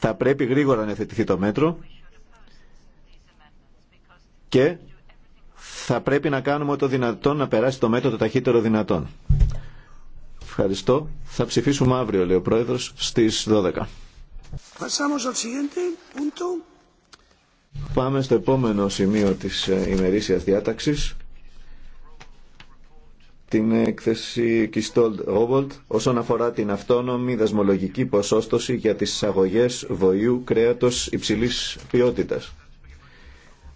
Θα πρέπει γρήγορα να εθετηθεί το μέτρο και θα πρέπει να κάνουμε το δυνατόν να περάσει το μέτρο το ταχύτερο δυνατόν. Ευχαριστώ. Θα ψηφίσουμε αύριο, λέει ο Πρόεδρος, στις 12. Πάμε στο επόμενο σημείο της ε, ημερήσιας διάταξης την έκθεση Κιστόλτ Ρόβολτ όσον αφορά την αυτόνομη δασμολογική ποσόστοση για τις εισαγωγές βοηού κρέατος υψηλής ποιότητας.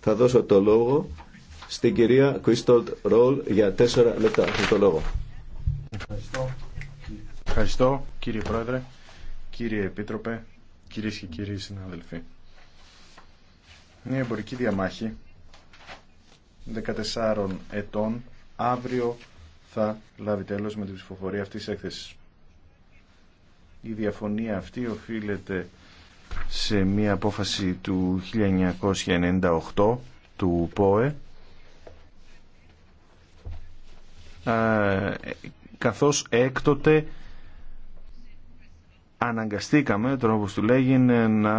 Θα δώσω το λόγο στην κυρία Κριστόλτ Ρόλ για τέσσερα λεπτά. Ευχαριστώ το λόγο. Ευχαριστώ. Ευχαριστώ κύριε Πρόεδρε, κύριε Επίτροπε, κυρίες και κύριοι συναδελφοί. Μια εμπορική διαμάχη 14 ετών αύριο θα λάβει τέλος με την ψηφοφορία αυτής της έκθεσης. Η διαφωνία αυτή οφείλεται σε μία απόφαση του 1998 του ΠΟΕ καθώς έκτοτε αναγκαστήκαμε, τον όπως του λέγει, να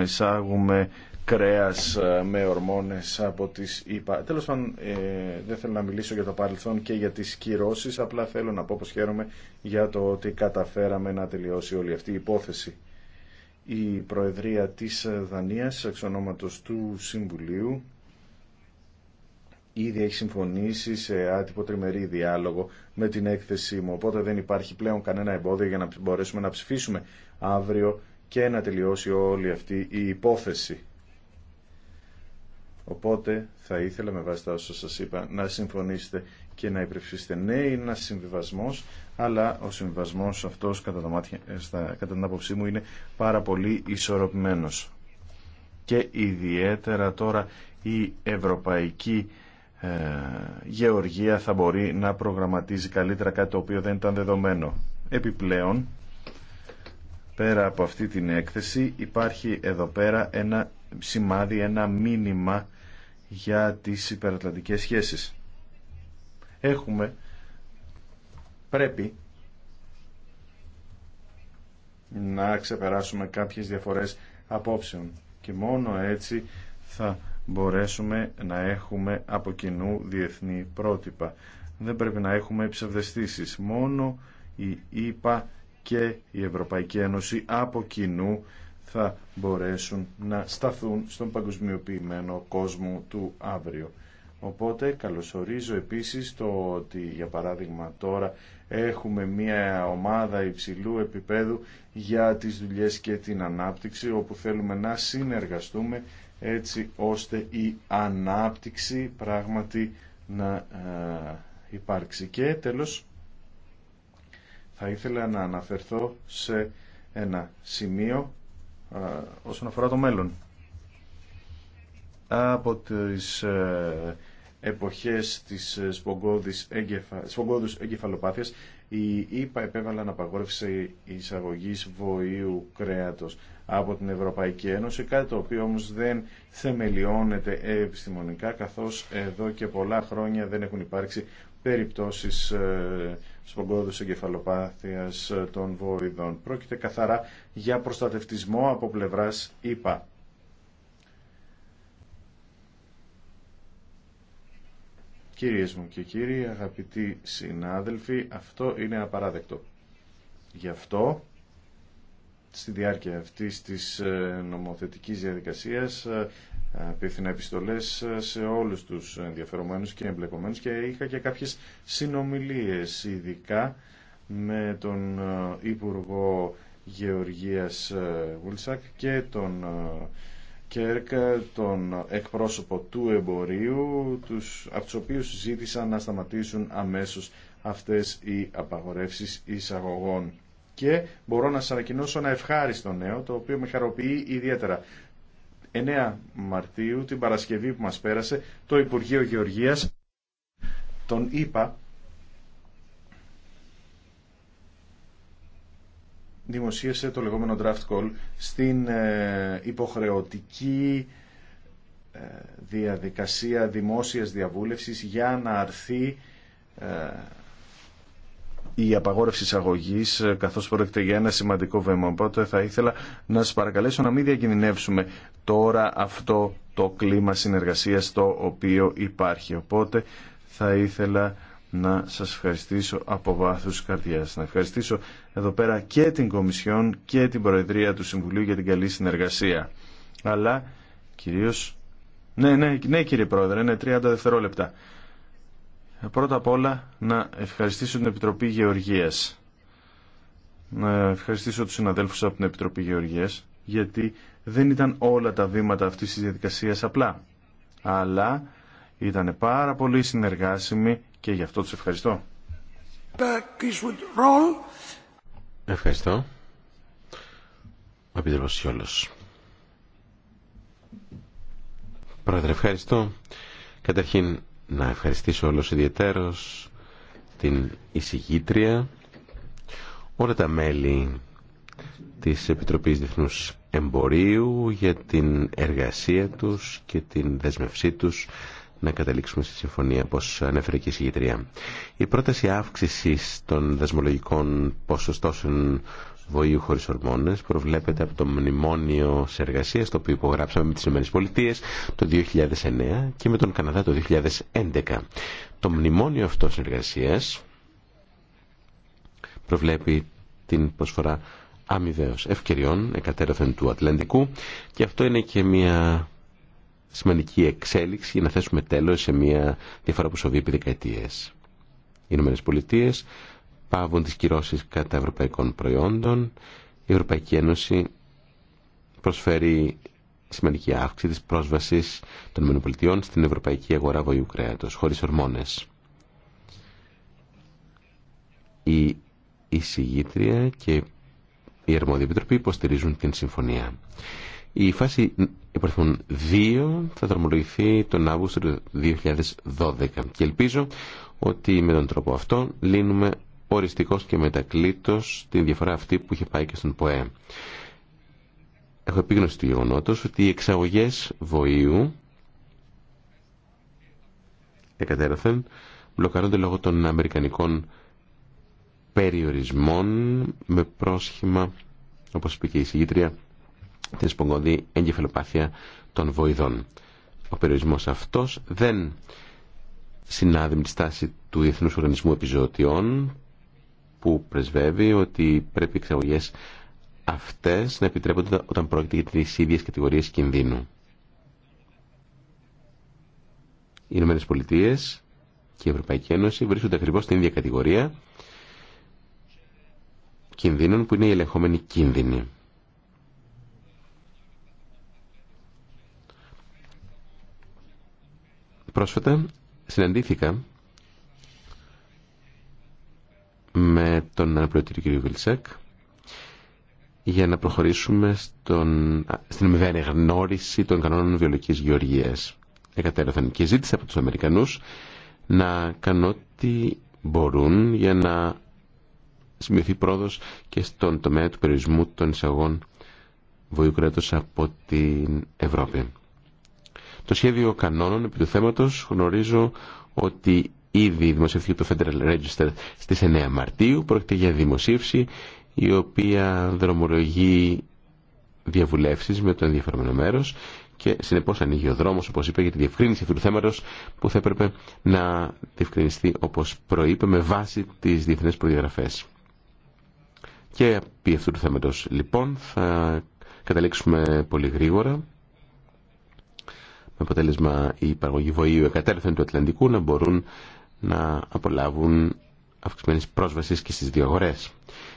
εισάγουμε κρέας ε, με ορμόνες από τις ΙΠΑ. Τέλος πάντων, ε, δεν θέλω να μιλήσω για το παρελθόν και για τις κυρώσεις, απλά θέλω να πω πως χαίρομαι για το ότι καταφέραμε να τελειώσει όλη αυτή η υπόθεση. Η Προεδρία της Δανίας, εξ ονόματος του Συμβουλίου, ήδη έχει συμφωνήσει σε άτυπο τριμερή διάλογο με την έκθεσή μου, οπότε δεν υπάρχει πλέον κανένα εμπόδιο για να μπορέσουμε να ψηφίσουμε αύριο και να τελειώσει όλη αυτή η υπόθεση. Οπότε θα ήθελα με βάση τα όσα σας είπα να συμφωνήσετε και να υπερψήσετε ναι είναι ένα συμβιβασμό, αλλά ο συμβιβασμό αυτός κατά, ε, κατά την άποψή μου είναι πάρα πολύ ισορροπημένος. Και ιδιαίτερα τώρα η ευρωπαϊκή ε, γεωργία θα μπορεί να προγραμματίζει καλύτερα κάτι το οποίο δεν ήταν δεδομένο. Επιπλέον, πέρα από αυτή την έκθεση υπάρχει εδώ πέρα ένα σημάδι, ένα μήνυμα για τις υπερατλαντικές σχέσεις. Έχουμε, πρέπει να ξεπεράσουμε κάποιες διαφορές απόψεων και μόνο έτσι θα μπορέσουμε να έχουμε από κοινού διεθνή πρότυπα. Δεν πρέπει να έχουμε ψευδεστήσεις. Μόνο η ΕΕ και η Ευρωπαϊκή Ένωση από κοινού θα μπορέσουν να σταθούν στον παγκοσμιοποιημένο κόσμο του αύριο. Οπότε καλωσορίζω επίσης το ότι για παράδειγμα τώρα έχουμε μια ομάδα υψηλού επίπεδου για τις δουλειές και την ανάπτυξη όπου θέλουμε να συνεργαστούμε έτσι ώστε η ανάπτυξη πράγματι να ε, υπάρξει. Και τέλος θα ήθελα να αναφερθώ σε ένα σημείο όσον αφορά το μέλλον. Από τις ε, εποχές της ε, σπογκώδους εγκεφαλοπάθειας η ΕΠΑ επέβαλαν απαγόρευση εισαγωγής βοήου κρέατος από την Ευρωπαϊκή Ένωση, κάτι το οποίο όμως δεν θεμελιώνεται επιστημονικά, καθώς εδώ και πολλά χρόνια δεν έχουν υπάρξει περιπτώσεις ε, σπογκώδους εγκεφαλοπάθειας ε, των βοηδών. Πρόκειται καθαρά για προστατευτισμό από πλευράς ΙΠΑ. Κυρίες μου και κύριοι, αγαπητοί συνάδελφοι, αυτό είναι απαράδεκτο. Γι' αυτό στη διάρκεια αυτής της ε, νομοθετικής διαδικασίας ε, πήθηνα επιστολές ε, σε όλους τους ενδιαφερομένους και εμπλεκομένους και είχα και κάποιες συνομιλίες ειδικά με τον Υπουργό Γεωργίας Βουλσακ και τον Κέρκ, τον εκπρόσωπο του εμπορίου, τους, από τους οποίους ζήτησαν να σταματήσουν αμέσως αυτές οι απαγορεύσεις εισαγωγών και μπορώ να σα ανακοινώσω ένα ευχάριστο νέο, το οποίο με χαροποιεί ιδιαίτερα. 9 Μαρτίου, την Παρασκευή που μας πέρασε, το Υπουργείο Γεωργίας, τον είπα, δημοσίευσε το λεγόμενο draft call στην ε, υποχρεωτική ε, διαδικασία δημόσιας διαβούλευσης για να αρθεί ε, η απαγόρευση εισαγωγή, ε, καθώ πρόκειται για ένα σημαντικό βήμα. Οπότε θα ήθελα να σα παρακαλέσω να μην διακινδυνεύσουμε τώρα αυτό το κλίμα συνεργασία το οποίο υπάρχει. Οπότε θα ήθελα να σας ευχαριστήσω από βάθους καρδιάς. Να ευχαριστήσω εδώ πέρα και την Κομισιόν και την Προεδρία του Συμβουλίου για την καλή συνεργασία. Αλλά κυρίως... Ναι, ναι, ναι κύριε Πρόεδρε, είναι 30 δευτερόλεπτα. Πρώτα απ' όλα να ευχαριστήσω την Επιτροπή Γεωργίας. Να ευχαριστήσω τους συναδέλφους από την Επιτροπή Γεωργίας, γιατί δεν ήταν όλα τα βήματα αυτής της διαδικασίας απλά. Αλλά ήταν πάρα πολύ συνεργάσιμοι και γι' αυτό τους ευχαριστώ. Ευχαριστώ. Ο Επίτροπος Σιόλος. Πρόεδρε, ευχαριστώ. Καταρχήν, να ευχαριστήσω όλος ιδιαιτέρως την εισηγήτρια, όλα τα μέλη της Επιτροπής Διεθνούς Εμπορίου για την εργασία τους και την δέσμευσή τους να καταλήξουμε στη συμφωνία, όπως ανέφερε και η εισηγητρία. Η πρόταση αύξησης των δεσμολογικών ποσοστώσεων βοήου χωρίς ορμόνες προβλέπεται από το Μνημόνιο εργασία το οποίο υπογράψαμε με τις ΗΠΑ το 2009 και με τον Καναδά το 2011. Το Μνημόνιο αυτό συνεργασία προβλέπει την προσφορά αμοιβαίω ευκαιριών εκατέρωθεν του Ατλαντικού και αυτό είναι και μια σημαντική εξέλιξη για να θέσουμε τέλος σε μια διαφορά που σοβεί επί δεκαετίες. Οι ΗΠΑ πάβουν τις κυρώσεις κατά ευρωπαϊκών προϊόντων. Η Ευρωπαϊκή Ένωση προσφέρει σημαντική αύξηση της πρόσβασης των ΗΠΑ στην ευρωπαϊκή αγορά βοηού κρέατος, χωρίς ορμόνες. Η εισηγήτρια και η αρμόδια επιτροπή υποστηρίζουν την συμφωνία. Η φάση υπορθμών 2 θα δρομολογηθεί τον Αύγουστο του 2012 και ελπίζω ότι με τον τρόπο αυτό λύνουμε Οριστικό και μετακλήτω την διαφορά αυτή που είχε πάει και στον ΠΟΕ. Έχω επίγνωση του γεγονότο ότι οι εξαγωγέ βοήου εκατέρωθεν μπλοκαρώνται λόγω των αμερικανικών περιορισμών με πρόσχημα, όπως είπε και η συγγήτρια, την σπογγονδή εγκεφαλοπάθεια των βοηδών. Ο περιορισμός αυτό δεν συνάδει με τη στάση του Διεθνού Οργανισμού Επιζωτιών που πρεσβεύει ότι πρέπει οι εξαγωγέ αυτέ να επιτρέπονται όταν πρόκειται για τι ίδιε κατηγορίε κινδύνου. Οι Ηνωμένε Πολιτείε και η Ευρωπαϊκή Ένωση βρίσκονται ακριβώ στην ίδια κατηγορία κινδύνων που είναι οι ελεγχόμενοι κίνδυνοι. Πρόσφατα συναντήθηκα με τον αναπληρωτή του κ. για να προχωρήσουμε στον, στην αμοιβαία γνώριση των κανόνων βιολογικής γεωργίας. Εκατέρωθαν και ζήτησε από τους Αμερικανούς να κάνουν ό,τι μπορούν για να σημειωθεί πρόοδος και στον τομέα του περιορισμού των εισαγών βοηού κράτους από την Ευρώπη. Το σχέδιο κανόνων επί του θέματος γνωρίζω ότι ήδη δημοσιεύθηκε το Federal Register στις 9 Μαρτίου. Πρόκειται για δημοσίευση η οποία δρομολογεί διαβουλεύσεις με το ενδιαφερόμενο μέρος και συνεπώς ανοίγει ο δρόμος, όπως είπε, για τη διευκρίνηση αυτού του θέματος που θα έπρεπε να διευκρινιστεί, όπως προείπε, με βάση τις διεθνές προδιαγραφές. Και επί αυτού του θέματος, λοιπόν, θα καταλήξουμε πολύ γρήγορα με αποτέλεσμα η παραγωγή βοήου εκατέρθεν του Ατλαντικού να μπορούν να απολαύουν αυξημένης πρόσβασης και στις δύο αγορές.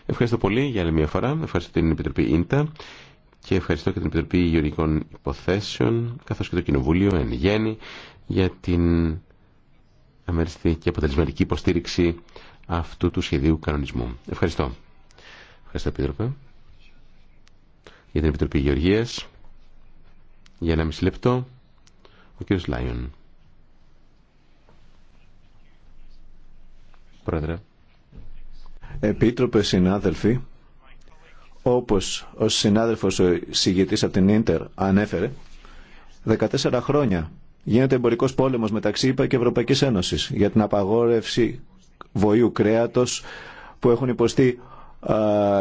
Ευχαριστώ πολύ για άλλη μια φορά. Ευχαριστώ την Επιτροπή Ίντα και ευχαριστώ και την Επιτροπή Γεωργικών Υποθέσεων καθώς και το Κοινοβούλιο εν γέννη για την αμέριστη και αποτελεσματική υποστήριξη αυτού του σχεδίου κανονισμού. Ευχαριστώ. Ευχαριστώ Επίτροπε για την Επιτροπή Γεωργίας. Για ένα μισή λεπτό, ο κύριος Λάιον. Πρόεδρε. Επίτροπε, συνάδελφοι, όπως ο συνάδελφος ο συγγητής από την Ίντερ ανέφερε, 14 χρόνια γίνεται εμπορικός πόλεμος μεταξύ ΙΠΑ και Ευρωπαϊκής Ένωσης για την απαγόρευση βοήου κρέατος που έχουν υποστεί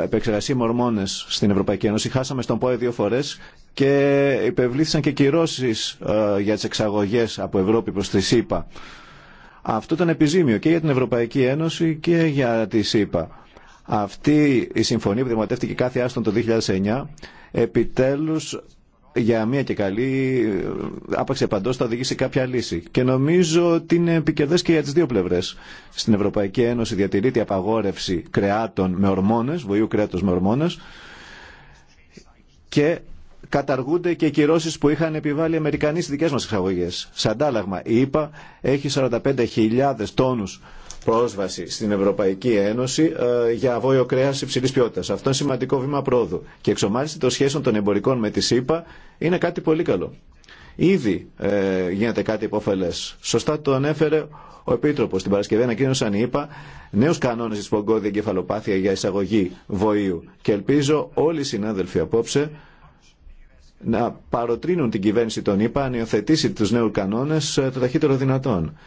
επεξεργασία μορμόνες στην Ευρωπαϊκή Ένωση. Χάσαμε στον ΠΟΕ δύο φορές και υπευλήθησαν και κυρώσεις για τις εξαγωγές από Ευρώπη προς τη ΣΥΠΑ. Αυτό ήταν επιζήμιο και για την Ευρωπαϊκή Ένωση και για τη ΣΥΠΑ. Αυτή η συμφωνία που δημοτεύτηκε κάθε άστον το 2009 επιτέλους για μια και καλή άπαξε παντός θα οδηγήσει κάποια λύση. Και νομίζω ότι είναι επικερδές και για τις δύο πλευρές. Στην Ευρωπαϊκή Ένωση διατηρείται η απαγόρευση κρεάτων με ορμόνες, βοηού κρέατος με ορμόνες και καταργούνται και οι κυρώσει που είχαν επιβάλει οι Αμερικανοί στι δικέ μα εξαγωγέ. Σε αντάλλαγμα, η ΕΠΑ έχει 45.000 τόνου πρόσβαση στην Ευρωπαϊκή Ένωση ε, για βόλιο κρέα υψηλή ποιότητα. Αυτό είναι σημαντικό βήμα πρόοδου. Και εξομάλυνση των σχέσεων των εμπορικών με τη ΣΥΠΑ είναι κάτι πολύ καλό. Ήδη ε, γίνεται κάτι υποφελέ. Σωστά το ανέφερε ο Επίτροπο. Την Παρασκευή ανακοίνωσαν, ΕΠΑ νέου κανόνε τη πογκώδη εγκεφαλοπάθεια για εισαγωγή βοήου. Και ελπίζω όλοι οι συνάδελφοι απόψε να παροτρύνουν την κυβέρνηση των ΗΠΑ να υιοθετήσει τους νέους κανόνες ε, το ταχύτερο δυνατόν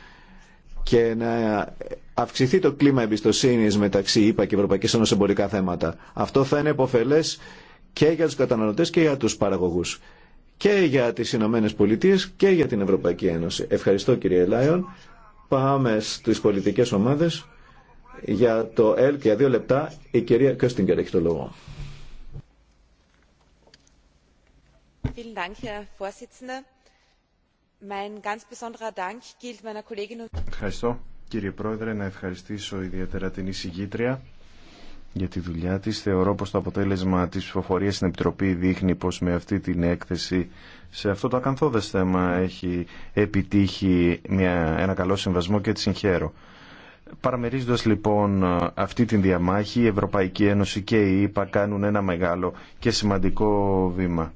και να αυξηθεί το κλίμα εμπιστοσύνης μεταξύ ΗΠΑ και Ευρωπαϊκής Ένωσης εμπορικά θέματα. Αυτό θα είναι επωφελές και για τους καταναλωτές και για τους παραγωγούς και για τις Ηνωμένε Πολιτείες και για την Ευρωπαϊκή Ένωση. Ευχαριστώ κύριε Λάιον. Πάμε στις πολιτικές ομάδες. Για το ΕΛ για δύο λεπτά η κυρία Κέστιγκερ έχει το λόγο. Ευχαριστώ κύριε Πρόεδρε να ευχαριστήσω ιδιαίτερα την εισηγήτρια για τη δουλειά της. Θεωρώ πως το αποτέλεσμα της ψηφοφορίας στην Επιτροπή δείχνει πως με αυτή την έκθεση σε αυτό το ακαθόδες θέμα έχει επιτύχει μια, ένα καλό συμβασμό και τη συγχαίρω. Παραμερίζοντας λοιπόν αυτή την διαμάχη, η Ευρωπαϊκή Ένωση και η ΕΕ κάνουν ένα μεγάλο και σημαντικό βήμα.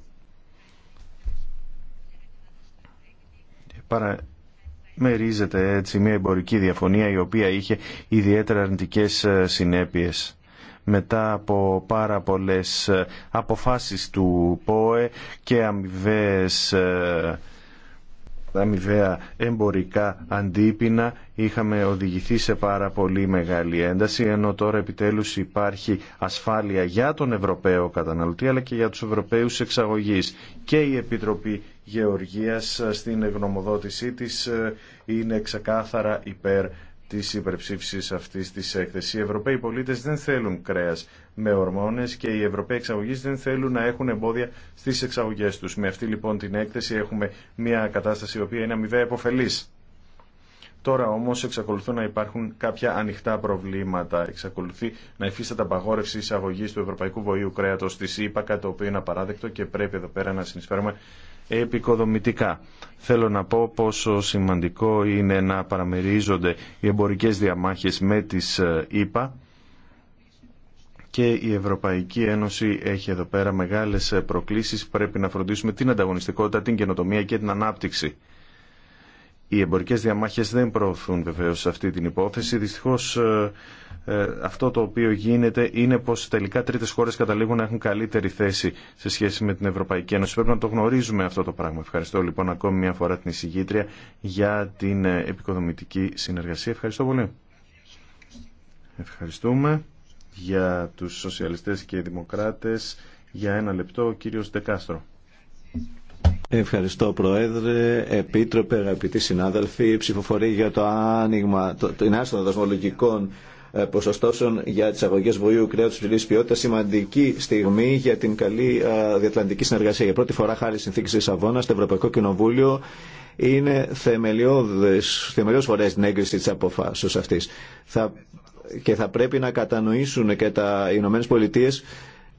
παραμερίζεται έτσι μια εμπορική διαφωνία η οποία είχε ιδιαίτερα αρνητικές ε, συνέπειες μετά από πάρα πολλές ε, αποφάσεις του ΠΟΕ και αμοιβές ε, αμοιβαία εμπορικά αντίπεινα είχαμε οδηγηθεί σε πάρα πολύ μεγάλη ένταση ενώ τώρα επιτέλους υπάρχει ασφάλεια για τον Ευρωπαίο καταναλωτή αλλά και για τους Ευρωπαίους εξαγωγείς και η Επιτροπή Γεωργίας στην γνωμοδότησή της ε, είναι ξεκάθαρα υπέρ της υπερψήφισης αυτής της έκθεσης. Οι Ευρωπαίοι πολίτες δεν θέλουν κρέας με ορμόνες και οι Ευρωπαίοι εξαγωγείς δεν θέλουν να έχουν εμπόδια στις εξαγωγές τους. Με αυτή λοιπόν την έκθεση έχουμε μια κατάσταση η οποία είναι αμοιβαία υποφελής. Τώρα όμως εξακολουθούν να υπάρχουν κάποια ανοιχτά προβλήματα. Εξακολουθεί να υφίσταται απαγόρευση εισαγωγή του ευρωπαϊκού βοήου κρέατος στη ΣΥΠΑ, το οποίο είναι απαράδεκτο και πρέπει εδώ πέρα να συνεισφέρουμε επικοδομητικά. Θέλω να πω πόσο σημαντικό είναι να παραμερίζονται οι εμπορικές διαμάχες με τις ε, ΗΠΑ και η Ευρωπαϊκή Ένωση έχει εδώ πέρα μεγάλες ε, προκλήσεις. Πρέπει να φροντίσουμε την ανταγωνιστικότητα, την καινοτομία και την ανάπτυξη. Οι εμπορικέ διαμάχε δεν προωθούν βεβαίως αυτή την υπόθεση. Δυστυχώς ε, ε, αυτό το οποίο γίνεται είναι πω τελικά τρίτε χώρε καταλήγουν να έχουν καλύτερη θέση σε σχέση με την Ευρωπαϊκή Ένωση. Πρέπει να το γνωρίζουμε αυτό το πράγμα. Ευχαριστώ λοιπόν ακόμη μια φορά την εισηγήτρια για την ε, επικοδομητική συνεργασία. Ευχαριστώ πολύ. Ευχαριστούμε για τους σοσιαλιστές και δημοκράτες. Για ένα λεπτό ο κύριος Δεκάστρο. Ευχαριστώ Πρόεδρε, Επίτροπε, αγαπητοί συνάδελφοι. Η ψηφοφορία για το άνοιγμα των δοσμολογικών δασμολογικών ε, ποσοστώσεων για τι αγωγέ βοήου κρέατο υψηλή ποιότητα. Σημαντική στιγμή για την καλή ε, διατλαντική συνεργασία. Για πρώτη φορά, χάρη συνθήκη Λισαβόνα, στο Ευρωπαϊκό Κοινοβούλιο είναι θεμελιώδες, φορέ την έγκριση τη αποφάσεω αυτή. και θα πρέπει να κατανοήσουν και τα Ηνωμένε Πολιτείε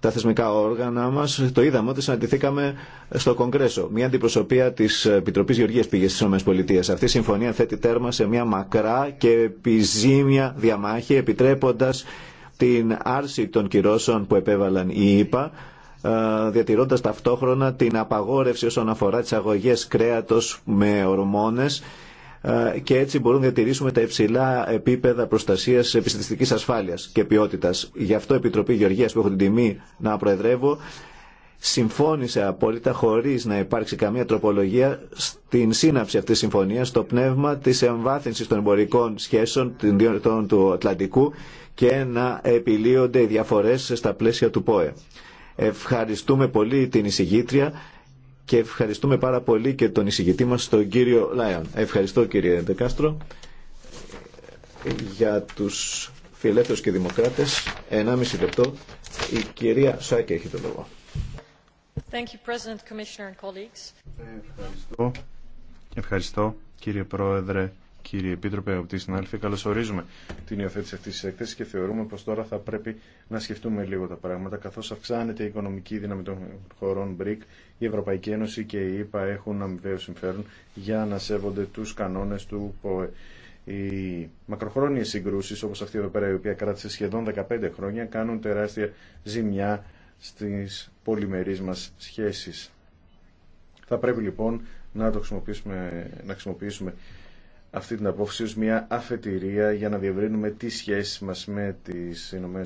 τα θεσμικά όργανα μα. Το είδαμε ότι συναντηθήκαμε στο Κογκρέσο. Μια αντιπροσωπεία τη Επιτροπή Γεωργία πήγε στι ΗΠΑ. Αυτή η συμφωνία θέτει τέρμα σε μια μακρά και επιζήμια διαμάχη, επιτρέποντα την άρση των κυρώσεων που επέβαλαν οι ΗΠΑ ε, διατηρώντας ταυτόχρονα την απαγόρευση όσον αφορά τις αγωγές κρέατος με ορμόνες ε, και έτσι μπορούμε να διατηρήσουμε τα υψηλά επίπεδα προστασία επιστημιστική ασφάλεια και ποιότητα. Γι' αυτό η Επιτροπή Γεωργία που έχω την τιμή να προεδρεύω συμφώνησε απόλυτα χωρί να υπάρξει καμία τροπολογία στην σύναψη αυτή τη συμφωνία, στο πνεύμα της εμβάθυνση των εμπορικών σχέσεων των δύο του Ατλαντικού και να επιλύονται οι διαφορές στα πλαίσια του ΠΟΕ. Ευχαριστούμε πολύ την εισηγήτρια και ευχαριστούμε πάρα πολύ και τον εισηγητή μας τον κύριο Λάιον. Ευχαριστώ κύριε Δεκάστρο για τους φιλελεύθερους και δημοκράτες. 1,5 λεπτό. Η κυρία Σάκη έχει το λόγο. Thank you, Ευχαριστώ. Ευχαριστώ κύριε Πρόεδρε Κύριε Επίτροπε, από τη συνάδελφη, καλωσορίζουμε την υιοθέτηση αυτή τη έκθεση και θεωρούμε πω τώρα θα πρέπει να σκεφτούμε λίγο τα πράγματα. Καθώ αυξάνεται η οικονομική δύναμη των χωρών BRIC, η Ευρωπαϊκή Ένωση και η ΕΠΑ ΕΕ έχουν αμοιβαίο συμφέρον για να σέβονται του κανόνε του ΠΟΕ. Οι μακροχρόνιες συγκρούσεις όπως αυτή εδώ πέρα η οποία κράτησε σχεδόν 15 χρόνια κάνουν τεράστια ζημιά στις πολυμερείς μα σχέσεις. Θα πρέπει λοιπόν να το χρησιμοποιήσουμε, να χρησιμοποιήσουμε αυτή την απόφαση ως μια αφετηρία για να διευρύνουμε τι σχέσει μας με τις ΗΠΑ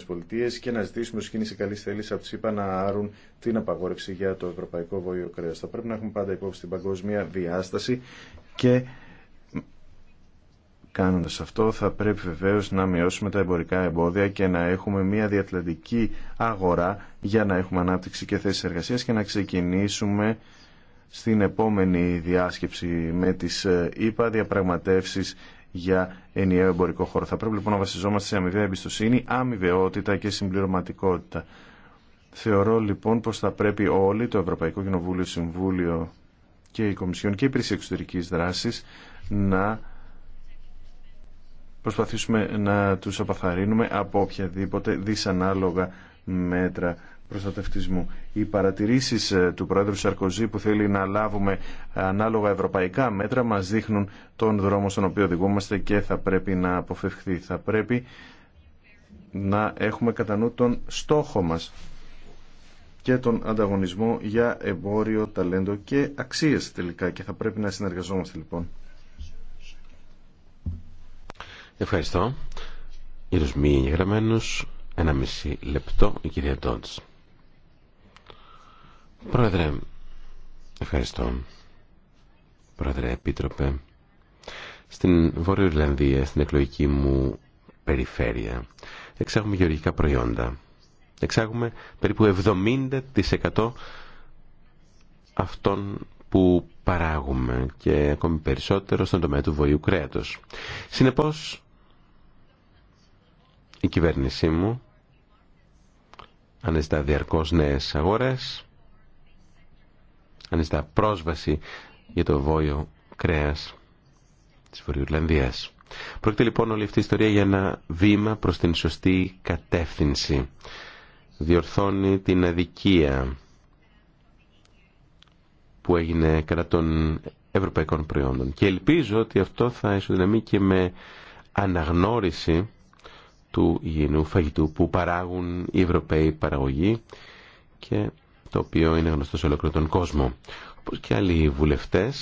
και να ζητήσουμε ως κίνηση καλής θέληση από ΣΥΠΑ να άρουν την απαγόρευση για το ευρωπαϊκό βόλιο κρέας. Θα πρέπει να έχουμε πάντα υπόψη την παγκόσμια διάσταση και κάνοντας αυτό θα πρέπει βεβαίως να μειώσουμε τα εμπορικά εμπόδια και να έχουμε μια διατλαντική αγορά για να έχουμε ανάπτυξη και θέσεις εργασίας και να ξεκινήσουμε στην επόμενη διάσκεψη με τις ΕΠΑ διαπραγματεύσεις για ενιαίο εμπορικό χώρο. Θα πρέπει λοιπόν να βασιζόμαστε σε αμοιβαία εμπιστοσύνη, αμοιβαιότητα και συμπληρωματικότητα. Θεωρώ λοιπόν πως θα πρέπει όλοι, το Ευρωπαϊκό Κοινοβούλιο, Συμβούλιο και η Κομισιόν και η Υπηρεσία εξωτερική δράση να προσπαθήσουμε να τους απαθαρρύνουμε από οποιαδήποτε δυσανάλογα μέτρα προστατευτισμού. Οι παρατηρήσεις ε, του Πρόεδρου Σαρκοζή που θέλει να λάβουμε ανάλογα ευρωπαϊκά μέτρα μας δείχνουν τον δρόμο στον οποίο οδηγούμαστε και θα πρέπει να αποφευχθεί. Θα πρέπει να έχουμε κατά νου τον στόχο μας και τον ανταγωνισμό για εμπόριο, ταλέντο και αξίες τελικά και θα πρέπει να συνεργαζόμαστε λοιπόν. Ευχαριστώ. μη ένα μισή λεπτό, η κυρία Τόντς. Πρόεδρε, ευχαριστώ. Πρόεδρε, επίτροπε. Στην Βόρεια Ιρλανδία, στην εκλογική μου περιφέρεια, εξάγουμε γεωργικά προϊόντα. Εξάγουμε περίπου 70% αυτών που παράγουμε και ακόμη περισσότερο στον τομέα του βοηού κρέατος. Συνεπώς, η κυβέρνησή μου αναζητά διαρκώς νέες αγορές αν τα πρόσβαση για το βόλιο κρέας τη Βορειοϊρλανδία. Πρόκειται λοιπόν όλη αυτή η ιστορία για ένα βήμα προ την σωστή κατεύθυνση. Διορθώνει την αδικία που έγινε κατά των ευρωπαϊκών προϊόντων. Και ελπίζω ότι αυτό θα ισοδυναμεί και με αναγνώριση του υγιεινού φαγητού που παράγουν οι Ευρωπαίοι παραγωγοί και το οποίο είναι γνωστό σε ολόκληρο τον κόσμο. Όπως και άλλοι βουλευτέ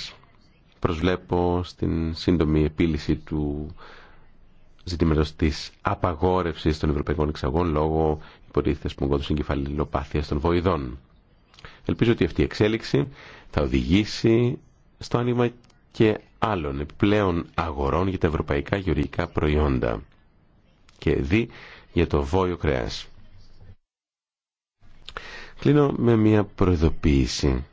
προσβλέπω στην σύντομη επίλυση του ζητήματο τη απαγόρευση των ευρωπαϊκών εξαγών λόγω υποτίθεται σπονγκόντου συγκεφαλαιοπάθεια των βοηδών. Ελπίζω ότι αυτή η εξέλιξη θα οδηγήσει στο άνοιγμα και άλλων επιπλέον αγορών για τα ευρωπαϊκά γεωργικά προϊόντα και δι για το βόλιο κρέας. Κλείνω με μια προειδοποίηση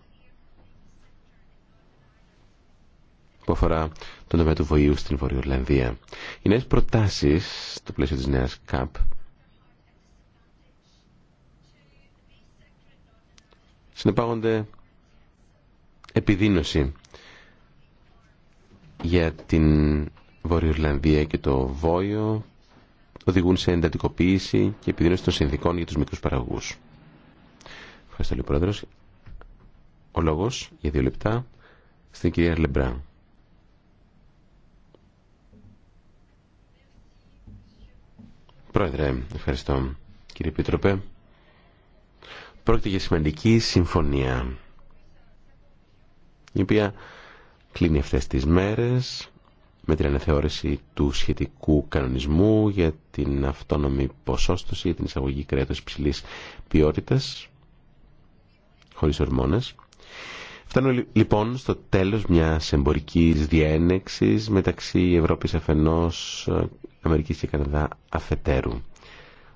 που αφορά τον τομέα του βοήου στην Βορειορλανδία. Οι νέες προτάσεις στο πλαίσιο της νέας ΚΑΠ συνεπάγονται επιδείνωση για την Βορειορλανδία και το Βόιο οδηγούν σε εντατικοποίηση και επιδείνωση των συνδικών για τους μικρούς παραγωγούς. Ευχαριστώ λίγο Ο λόγος για δύο λεπτά στην κυρία Λεμπρά. Πρόεδρε, ευχαριστώ. Κύριε Επίτροπε, πρόκειται για σημαντική συμφωνία η οποία κλείνει αυτές τις μέρες με την αναθεώρηση του σχετικού κανονισμού για την αυτόνομη ποσόστοση για την εισαγωγή κρέατος υψηλής ποιότητας χωρίς Φτάνω λοιπόν στο τέλος μιας εμπορικής διένεξης μεταξύ Ευρώπης αφενός, ε, Αμερικής και Καναδά αφετέρου.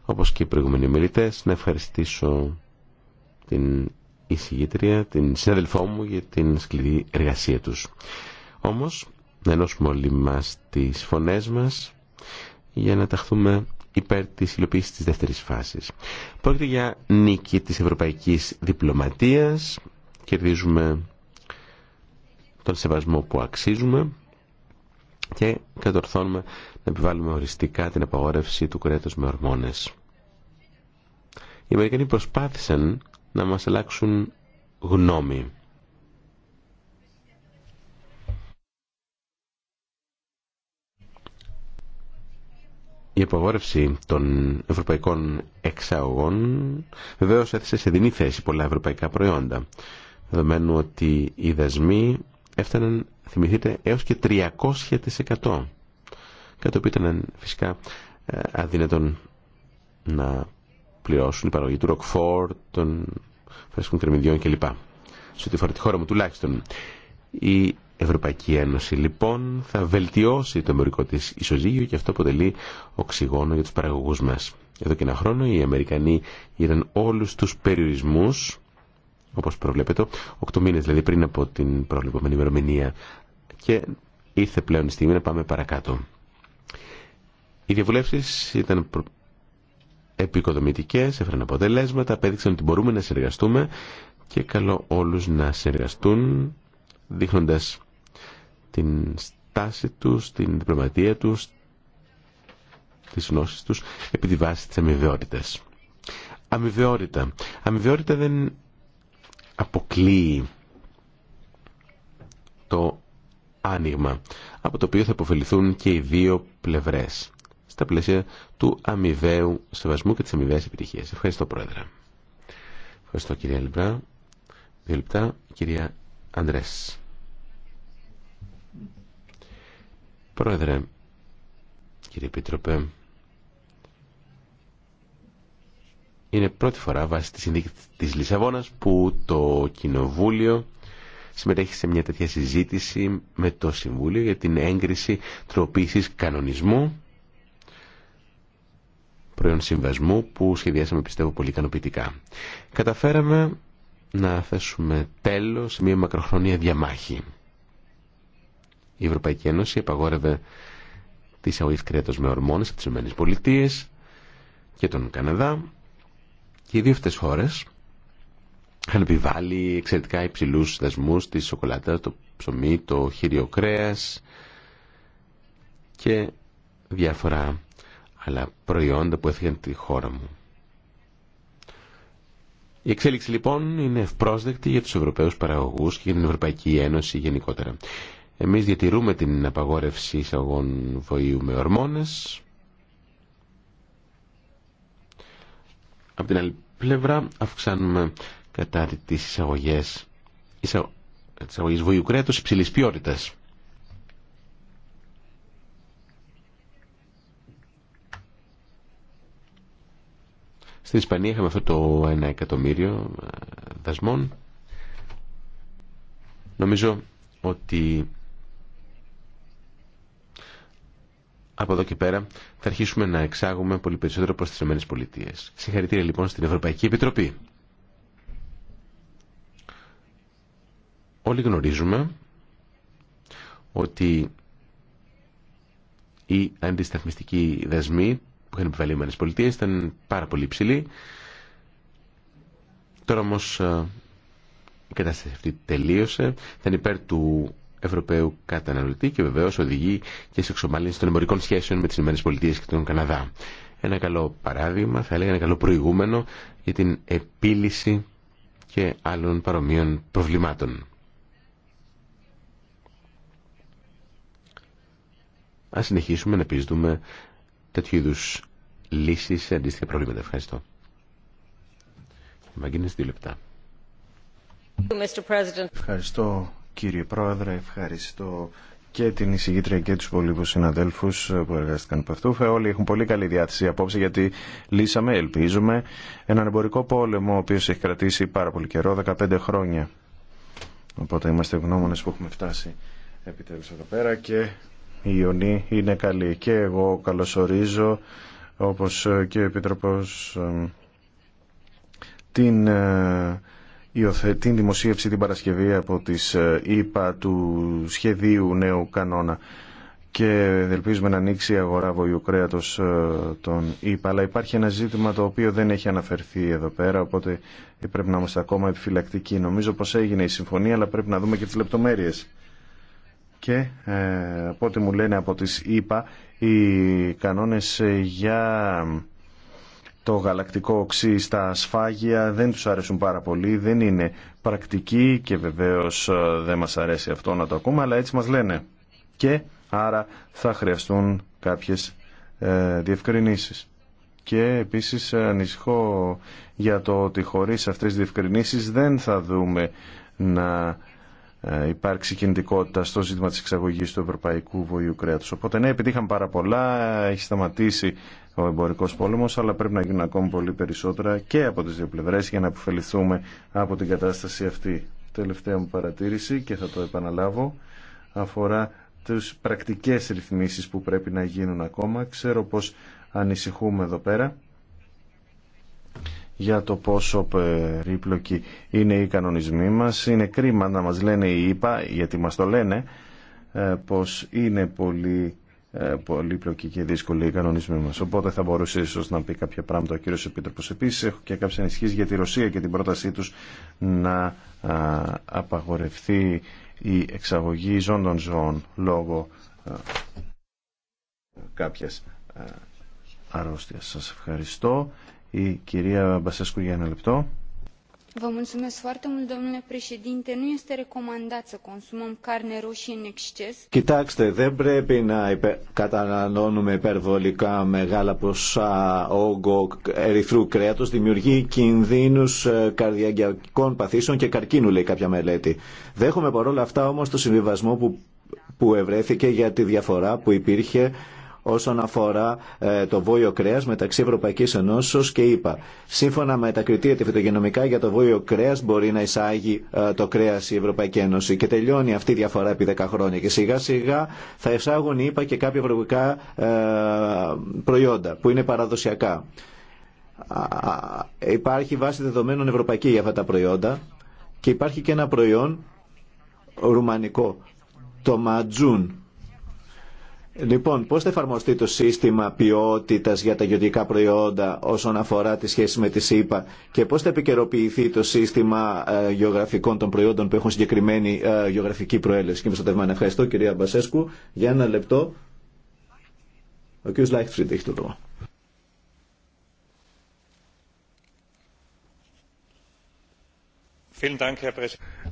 Όπως και οι προηγούμενοι μιλητές, να ευχαριστήσω την εισηγήτρια, την συναδελφό μου για την σκληρή εργασία τους. Όμως, να ενώσουμε όλοι μας τις φωνές μας για να ταχθούμε υπέρ της υλοποίησης της δεύτερης φάσης. Πρόκειται για νίκη της ευρωπαϊκής διπλωματίας. Κερδίζουμε τον σεβασμό που αξίζουμε και κατορθώνουμε να επιβάλλουμε οριστικά την απαγόρευση του κρέατος με ορμόνες. Οι Αμερικανοί προσπάθησαν να μας αλλάξουν γνώμη. η απαγόρευση των ευρωπαϊκών εξαγωγών βεβαίω έθεσε σε δινή θέση πολλά ευρωπαϊκά προϊόντα. Δεδομένου ότι οι δασμοί έφταναν, θυμηθείτε, έως και 300%. Κάτι που ήταν ε, φυσικά ε, αδύνατον να πληρώσουν η παραγωγή του ροκφόρ, των φρέσκων κρεμμυδιών κλπ. Σε ό,τι αφορά τη χώρα μου τουλάχιστον. Η Ευρωπαϊκή Ένωση λοιπόν θα βελτιώσει το εμπορικό τη ισοζύγιο και αυτό αποτελεί οξυγόνο για του παραγωγού μα. Εδώ και ένα χρόνο οι Αμερικανοί είδαν όλους τους περιορισμούς, όπως προβλέπετε, οκτώ μήνε δηλαδή πριν από την προβλεπόμενη ημερομηνία και ήρθε πλέον η στιγμή να πάμε παρακάτω. Οι διαβουλεύσει ήταν επικοδομητικέ, έφεραν αποτελέσματα, απέδειξαν ότι μπορούμε να συνεργαστούμε και καλό όλου να συνεργαστούν δείχνοντας την στάση τους, την διπλωματία τους, τις γνώσεις τους επί τη βάση της αμοιβαιότητας. Αμοιβαιότητα. Αμοιβαιότητα δεν αποκλείει το άνοιγμα από το οποίο θα υποφεληθούν και οι δύο πλευρές στα πλαίσια του αμοιβαίου σεβασμού και της αμοιβαίας επιτυχίας. Ευχαριστώ Πρόεδρε. Ευχαριστώ κυρία Λιμπρά. Δύο λεπτά κυρία Ανδρές. Πρόεδρε, κύριε Επίτροπε, είναι πρώτη φορά βάσει τη συνδίκη της Λισαβόνας που το Κοινοβούλιο συμμετέχει σε μια τέτοια συζήτηση με το Συμβούλιο για την έγκριση τροποίησης κανονισμού προϊόν συμβασμού που σχεδιάσαμε πιστεύω πολύ ικανοποιητικά. Καταφέραμε να θέσουμε τέλος σε μια μακροχρονία διαμάχη. Η Ευρωπαϊκή Ένωση επαγόρευε τη εισαγωγή κρέατο με ορμόνε από τι ΗΠΑ και τον Καναδά. Και οι δύο αυτέ χώρε είχαν επιβάλει εξαιρετικά υψηλού δασμού τη σοκολάτα, το ψωμί, το χείριο κρέα και διάφορα άλλα προϊόντα που έφυγαν τη χώρα μου. Η εξέλιξη λοιπόν είναι ευπρόσδεκτη για τους Ευρωπαίους παραγωγούς και την Ευρωπαϊκή Ένωση γενικότερα. Εμείς διατηρούμε την απαγόρευση εισαγών βοήου με ορμόνες. Από την άλλη πλευρά αυξάνουμε κατά τις εισαγωγές, εισαγω, βοήου κρέατος υψηλής ποιότητας. Στην Ισπανία είχαμε αυτό το 1 εκατομμύριο ε, δασμών. Νομίζω ότι από εδώ και πέρα θα αρχίσουμε να εξάγουμε πολύ περισσότερο προ τι ΗΠΑ. Συγχαρητήρια λοιπόν στην Ευρωπαϊκή Επιτροπή. Όλοι γνωρίζουμε ότι οι αντισταθμιστικοί δασμοί που είχαν επιβαλεί οι ΗΠΑ ήταν πάρα πολύ υψηλοί. Τώρα όμω ε, η κατάσταση αυτή τελείωσε. Ήταν υπέρ του Ευρωπαίου καταναλωτή και βεβαίω οδηγεί και σε εξομάλυνση των εμπορικών σχέσεων με τι ΗΠΑ και τον Καναδά. Ένα καλό παράδειγμα, θα έλεγα ένα καλό προηγούμενο για την επίλυση και άλλων παρομοίων προβλημάτων. Ας συνεχίσουμε να επιζητούμε τέτοιου είδου λύσεις σε αντίστοιχα προβλήματα. Ευχαριστώ. Μαγκίνες δύο λεπτά. Ευχαριστώ κύριε Πρόεδρε, ευχαριστώ και την εισηγήτρια και τους πολύπους συναδέλφους που εργάστηκαν από αυτού. Ε, όλοι έχουν πολύ καλή διάθεση απόψε γιατί λύσαμε, ελπίζουμε, έναν εμπορικό πόλεμο ο οποίος έχει κρατήσει πάρα πολύ καιρό, 15 χρόνια. Οπότε είμαστε γνώμονες που έχουμε φτάσει επιτέλους εδώ πέρα και η Ιωνή είναι καλή. Και εγώ καλωσορίζω όπως και ο Επίτροπος την ε, την δημοσίευση την Παρασκευή από τις ΕΠΑ του σχεδίου νέου κανόνα και ελπίζουμε να ανοίξει η αγορά βοηουκρέατος ε, των ΕΠΑ αλλά υπάρχει ένα ζήτημα το οποίο δεν έχει αναφερθεί εδώ πέρα οπότε πρέπει να είμαστε ακόμα επιφυλακτικοί νομίζω πως έγινε η συμφωνία αλλά πρέπει να δούμε και τις λεπτομέρειε και ε, από ό,τι μου λένε από τις ΕΠΑ οι κανόνες για το γαλακτικό οξύ στα σφάγια δεν τους αρέσουν πάρα πολύ, δεν είναι πρακτική και βεβαίως ε, δεν μας αρέσει αυτό να το ακούμε, αλλά έτσι μας λένε. Και άρα θα χρειαστούν κάποιες ε, διευκρινήσεις. Και επίσης ανησυχώ για το ότι χωρίς αυτές τις διευκρινήσεις δεν θα δούμε να ε, υπάρξει κινητικότητα στο ζήτημα της εξαγωγής του ευρωπαϊκού βοηού κρέατος. Οπότε ναι, επιτύχαμε πάρα πολλά, έχει σταματήσει ο εμπορικός πόλεμος, αλλά πρέπει να γίνουν ακόμη πολύ περισσότερα και από τις δύο πλευρές για να αποφεληθούμε από την κατάσταση αυτή. Τελευταία μου παρατήρηση και θα το επαναλάβω αφορά τις πρακτικές ρυθμίσεις που πρέπει να γίνουν ακόμα. Ξέρω πως ανησυχούμε εδώ πέρα για το πόσο περίπλοκοι είναι οι κανονισμοί μας. Είναι κρίμα να μας λένε οι ΙΠΑ, γιατί μας το λένε, ε, πως είναι πολύ ε, πολύπλοκοι και δύσκολοι οι κανονισμοί μας. Οπότε θα μπορούσε ίσω να πει κάποια πράγματα ο κύριος Επίτροπος. Επίσης έχω και κάποιες ενισχύσεις για τη Ρωσία και την πρότασή τους να απαγορευτεί η εξαγωγή ζών των ζώων λόγω κάποιας αρρώστιας. Σας ευχαριστώ η κυρία Μπασέσκου για ένα λεπτό. Κοιτάξτε, δεν πρέπει να καταναλώνουμε υπερβολικά μεγάλα ποσά όγκο ερυθρού κρέατος. Δημιουργεί κινδύνους ε, καρδιαγιακών παθήσεων και καρκίνου, λέει κάποια μελέτη. Δέχομαι παρόλα αυτά όμως το συμβιβασμό που ευρέθηκε για τη διαφορά που υπήρχε όσον αφορά ε, το βόλιο κρέα μεταξύ Ευρωπαϊκή Ενώσεω και ΕΠΑ. Σύμφωνα με τα κριτήρια τη φυτογενομικά για το βόλιο κρέα μπορεί να εισάγει ε, το κρέα η Ευρωπαϊκή Ένωση. Και τελειώνει αυτή η διαφορά επί 10 χρόνια. Και σιγά σιγά θα εισάγουν ΕΠΑ και κάποια ευρωπαϊκά ε, προϊόντα που είναι παραδοσιακά. Υπάρχει βάση δεδομένων ευρωπαϊκή για αυτά τα προϊόντα και υπάρχει και ένα προϊόν ρουμανικό, το ματζούν Λοιπόν, πώς θα εφαρμοστεί το σύστημα ποιότητας για τα γεωργικά προϊόντα όσον αφορά τη σχέση με τη ΣΥΠΑ και πώς θα επικαιροποιηθεί το σύστημα ε, γεωγραφικών των προϊόντων που έχουν συγκεκριμένη ε, γεωγραφική προέλευση και προστατευμένα. Ευχαριστώ κυρία Μπασέσκου. Για ένα λεπτό, ο κ. Λάιχτφριντ έχει το λόγο.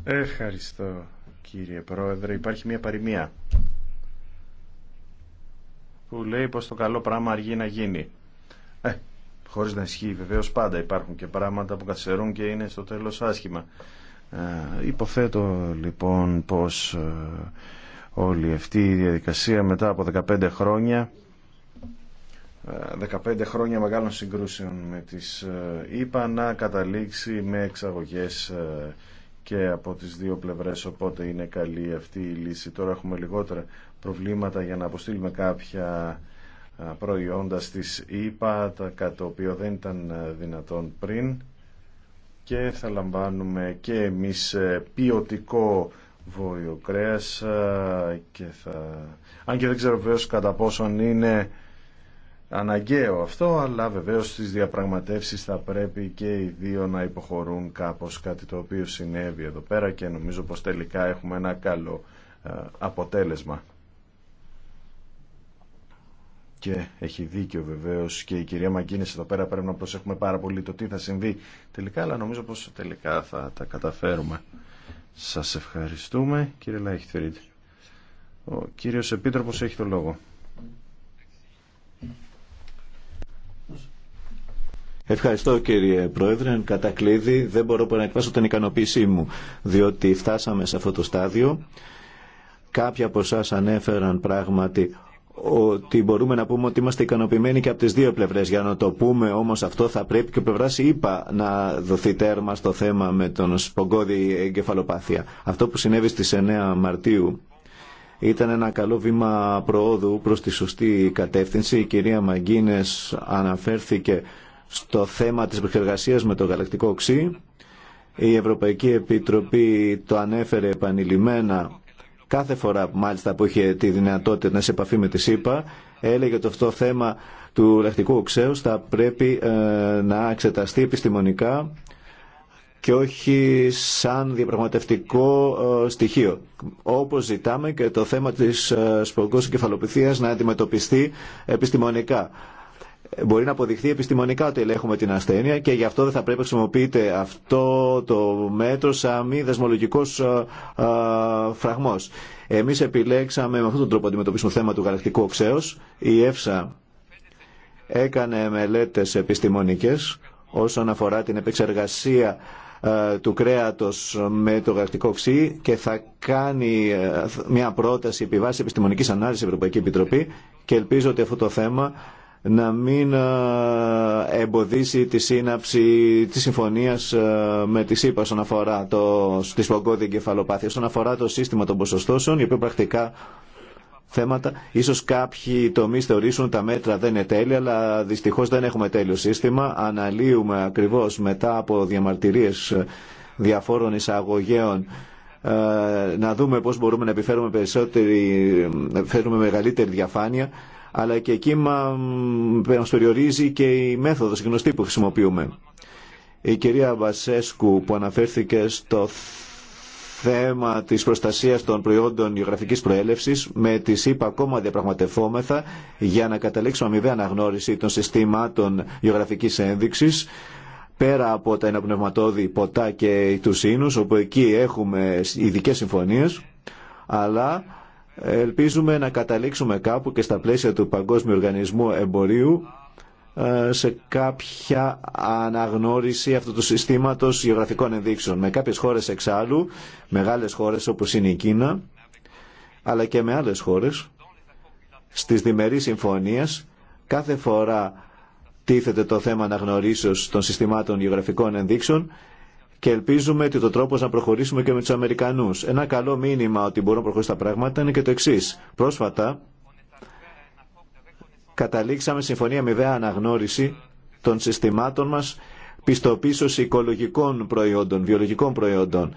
Ευχαριστώ κύριε Πρόεδρε. Υπάρχει μια παροιμία που λέει πως το καλό πράγμα αργεί να γίνει. Ε, χωρίς να ισχύει βεβαίως πάντα υπάρχουν και πράγματα που καθυστερούν και είναι στο τέλος άσχημα. Ε, υποθέτω λοιπόν πως ε, όλη αυτή η διαδικασία μετά από 15 χρόνια 15 ε, χρόνια μεγάλων συγκρούσεων με τις Ήπανα, ε, να καταλήξει με εξαγωγές και από τις δύο πλευρές οπότε είναι καλή αυτή η λύση. Τώρα έχουμε λιγότερα προβλήματα για να αποστείλουμε κάποια προϊόντα στις ΙΠΑ, τα το οποίο δεν ήταν δυνατόν πριν και θα λαμβάνουμε και εμείς ε, ποιοτικό βόλιο κρέας και θα... αν και δεν ξέρω βέβαια κατά πόσον είναι αναγκαίο αυτό, αλλά βεβαίως στις διαπραγματεύσεις θα πρέπει και οι δύο να υποχωρούν κάπως κάτι το οποίο συνέβη εδώ πέρα και νομίζω πως τελικά έχουμε ένα καλό ε, αποτέλεσμα. Και έχει δίκιο βεβαίω και η κυρία Μαγκίνη εδώ πέρα πρέπει να προσέχουμε πάρα πολύ το τι θα συμβεί τελικά, αλλά νομίζω πως τελικά θα τα καταφέρουμε. Σας ευχαριστούμε κύριε Λάιχτφριντ. Ο κύριος Επίτροπος έχει το λόγο. Ευχαριστώ κύριε Πρόεδρε. Εν κατακλείδη δεν μπορώ να εκφράσω την ικανοποίησή μου, διότι φτάσαμε σε αυτό το στάδιο. Κάποια από εσά ανέφεραν πράγματι ότι μπορούμε να πούμε ότι είμαστε ικανοποιημένοι και από τις δύο πλευρές. Για να το πούμε όμως αυτό θα πρέπει και ο πλευράς είπα να δοθεί τέρμα στο θέμα με τον σπογκώδη εγκεφαλοπάθεια. Αυτό που συνέβη στις 9 Μαρτίου ήταν ένα καλό βήμα προόδου προς τη σωστή κατεύθυνση. Η κυρία Μαγκίνες αναφέρθηκε στο θέμα της επεξεργασίας με το γαλακτικό οξύ. Η Ευρωπαϊκή Επιτροπή το ανέφερε επανειλημμένα κάθε φορά μάλιστα που είχε τη δυνατότητα να σε επαφή με τη ΣΥΠΑ έλεγε ότι αυτό το θέμα του λακτικού οξέου θα πρέπει ε, να εξεταστεί επιστημονικά και όχι σαν διαπραγματευτικό ε, στοιχείο. Όπως ζητάμε και το θέμα της ε, σπογκός να αντιμετωπιστεί επιστημονικά μπορεί να αποδειχθεί επιστημονικά ότι ελέγχουμε την ασθένεια και γι' αυτό δεν θα πρέπει να χρησιμοποιείται αυτό το μέτρο σαν μη δεσμολογικό ε, ε, φραγμό. Εμεί επιλέξαμε με αυτόν τον τρόπο να αντιμετωπίσουμε το θέμα του γαλακτικού οξέω. Η ΕΦΣΑ έκανε μελέτε επιστημονικέ όσον αφορά την επεξεργασία ε, του κρέατος με το γαλακτικό οξύ και θα κάνει μια πρόταση επιβάσει επιστημονικής ανάλυσης η Ευρωπαϊκή Επιτροπή και ελπίζω ότι αυτό το θέμα να μην εμποδίσει τη σύναψη της συμφωνίας με τη ΣΥΠΑ όσον αφορά το, τη σπογκώδη εγκεφαλοπάθεια, όσον αφορά το σύστημα των ποσοστώσεων, οι οποίοι πρακτικά θέματα. Ίσως κάποιοι τομεί θεωρήσουν τα μέτρα δεν είναι τέλεια, αλλά δυστυχώς δεν έχουμε τέλειο σύστημα. Αναλύουμε ακριβώς μετά από διαμαρτυρίες διαφόρων εισαγωγέων ε, να δούμε πώς μπορούμε να επιφέρουμε, περισσότερη, να ε, επιφέρουμε μεγαλύτερη διαφάνεια αλλά και εκεί μα περιορίζει και η μέθοδος γνωστή που χρησιμοποιούμε. Η κυρία Βασέσκου που αναφέρθηκε στο θέμα της προστασίας των προϊόντων γεωγραφικής προέλευσης με τις είπα ακόμα διαπραγματευόμεθα για να καταλήξουμε αμοιβαία αναγνώριση των συστήματων γεωγραφικής ένδειξης πέρα από τα εναπνευματόδη ποτά και του ίνους όπου εκεί έχουμε ειδικέ συμφωνίες αλλά Ελπίζουμε να καταλήξουμε κάπου και στα πλαίσια του Παγκόσμιου Οργανισμού Εμπορίου ε, σε κάποια αναγνώριση αυτού του συστήματος γεωγραφικών ενδείξεων. Με κάποιες χώρες εξάλλου, μεγάλες χώρες όπως είναι η Κίνα, αλλά και με άλλες χώρες, στις διμερείς συμφωνίες, κάθε φορά τίθεται το θέμα αναγνωρίσεως των συστημάτων γεωγραφικών ενδείξεων και ελπίζουμε ότι το τρόπο να προχωρήσουμε και με του Αμερικανού. Ένα καλό μήνυμα ότι μπορούν να προχωρήσουν τα πράγματα είναι και το εξή. Πρόσφατα καταλήξαμε συμφωνία μηδέα αναγνώριση των συστημάτων μα πιστοποίηση οικολογικών προϊόντων, βιολογικών προϊόντων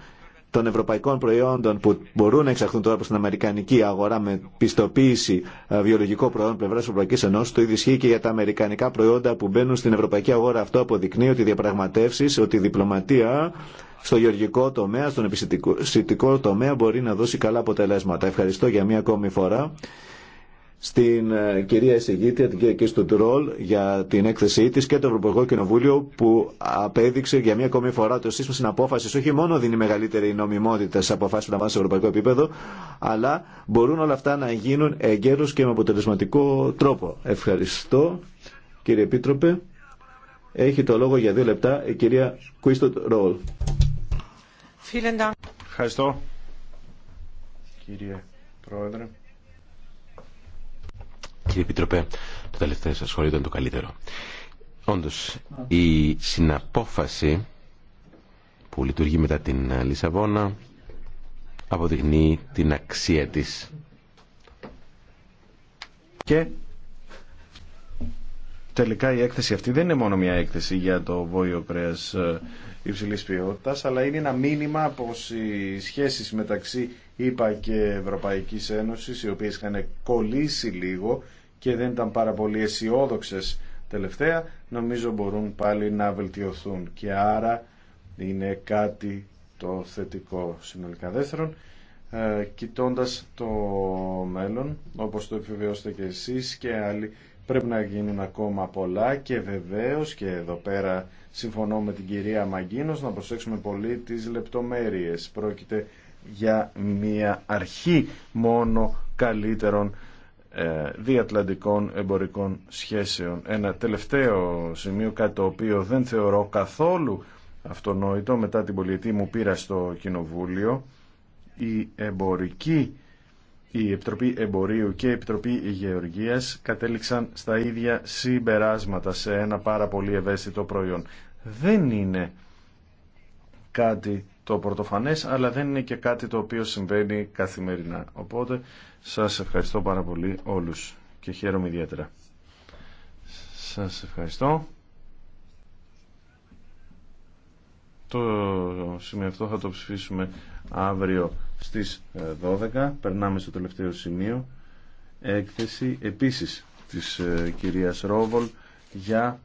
των ευρωπαϊκών προϊόντων που μπορούν να εξαχθούν τώρα προ την αμερικανική αγορά με πιστοποίηση ε, βιολογικών προϊόντων πλευρά Ευρωπαϊκή Ενώση, το ίδιο ισχύει και για τα αμερικανικά προϊόντα που μπαίνουν στην ευρωπαϊκή αγορά. Αυτό αποδεικνύει ότι οι διαπραγματεύσει, ότι η διπλωματία στο γεωργικό τομέα, στον επιστημικό τομέα μπορεί να δώσει καλά αποτελέσματα. Ευχαριστώ για μία ακόμη φορά στην ε, κυρία εισηγήτρια, την κυρία Κίστον Ρολ για την έκθεσή τη και το Ευρωπαϊκό Κοινοβούλιο που απέδειξε για μία ακόμη φορά το σύστημα συναπόφαση όχι μόνο δίνει μεγαλύτερη νομιμότητα σε αποφάσει που λαμβάνουν σε ευρωπαϊκό επίπεδο, αλλά μπορούν όλα αυτά να γίνουν εγκαίρω και με αποτελεσματικό τρόπο. Ευχαριστώ, κύριε Επίτροπε. Έχει το λόγο για δύο λεπτά η κυρία Κίστοντ Ρόλ. Ευχαριστώ, κύριε Πρόεδρε. Κύριε Επιτροπέ, το τελευταίο σας σχόλιο ήταν το καλύτερο. Όντως, η συναπόφαση που λειτουργεί μετά την Λισαβόνα αποδεικνύει την αξία της. Και τελικά η έκθεση αυτή δεν είναι μόνο μια έκθεση για το βόλιο κρέας ε, υψηλής ποιότητας, αλλά είναι ένα μήνυμα πως οι σχέσεις μεταξύ ΙΠΑ και Ευρωπαϊκής Ένωσης, οι οποίες είχαν κολλήσει λίγο, και δεν ήταν πάρα πολύ αισιόδοξε τελευταία, νομίζω μπορούν πάλι να βελτιωθούν. Και άρα είναι κάτι το θετικό συνολικά δεύτερον. Ε, κοιτώντας το μέλλον, όπως το επιβεβαιώσετε και εσείς και άλλοι, πρέπει να γίνουν ακόμα πολλά και βεβαίως και εδώ πέρα συμφωνώ με την κυρία Μαγκίνος να προσέξουμε πολύ τις λεπτομέρειες. Πρόκειται για μία αρχή μόνο καλύτερων ε, διατλαντικών εμπορικών σχέσεων. Ένα τελευταίο σημείο, κάτι το οποίο δεν θεωρώ καθόλου αυτονόητο μετά την πολιτή μου πήρα στο Κοινοβούλιο, η εμπορική η Επιτροπή Εμπορίου και η Επιτροπή Γεωργίας κατέληξαν στα ίδια συμπεράσματα σε ένα πάρα πολύ ευαίσθητο προϊόν. Δεν είναι κάτι το πρωτοφανές, αλλά δεν είναι και κάτι το οποίο συμβαίνει καθημερινά. Οπότε σας ευχαριστώ πάρα πολύ όλους και χαίρομαι ιδιαίτερα. Σας ευχαριστώ. Το σημείο αυτό θα το ψηφίσουμε αύριο στις 12. Ε, Περνάμε στο τελευταίο σημείο. Έκθεση επίσης της ε, κυρίας Ρόβολ για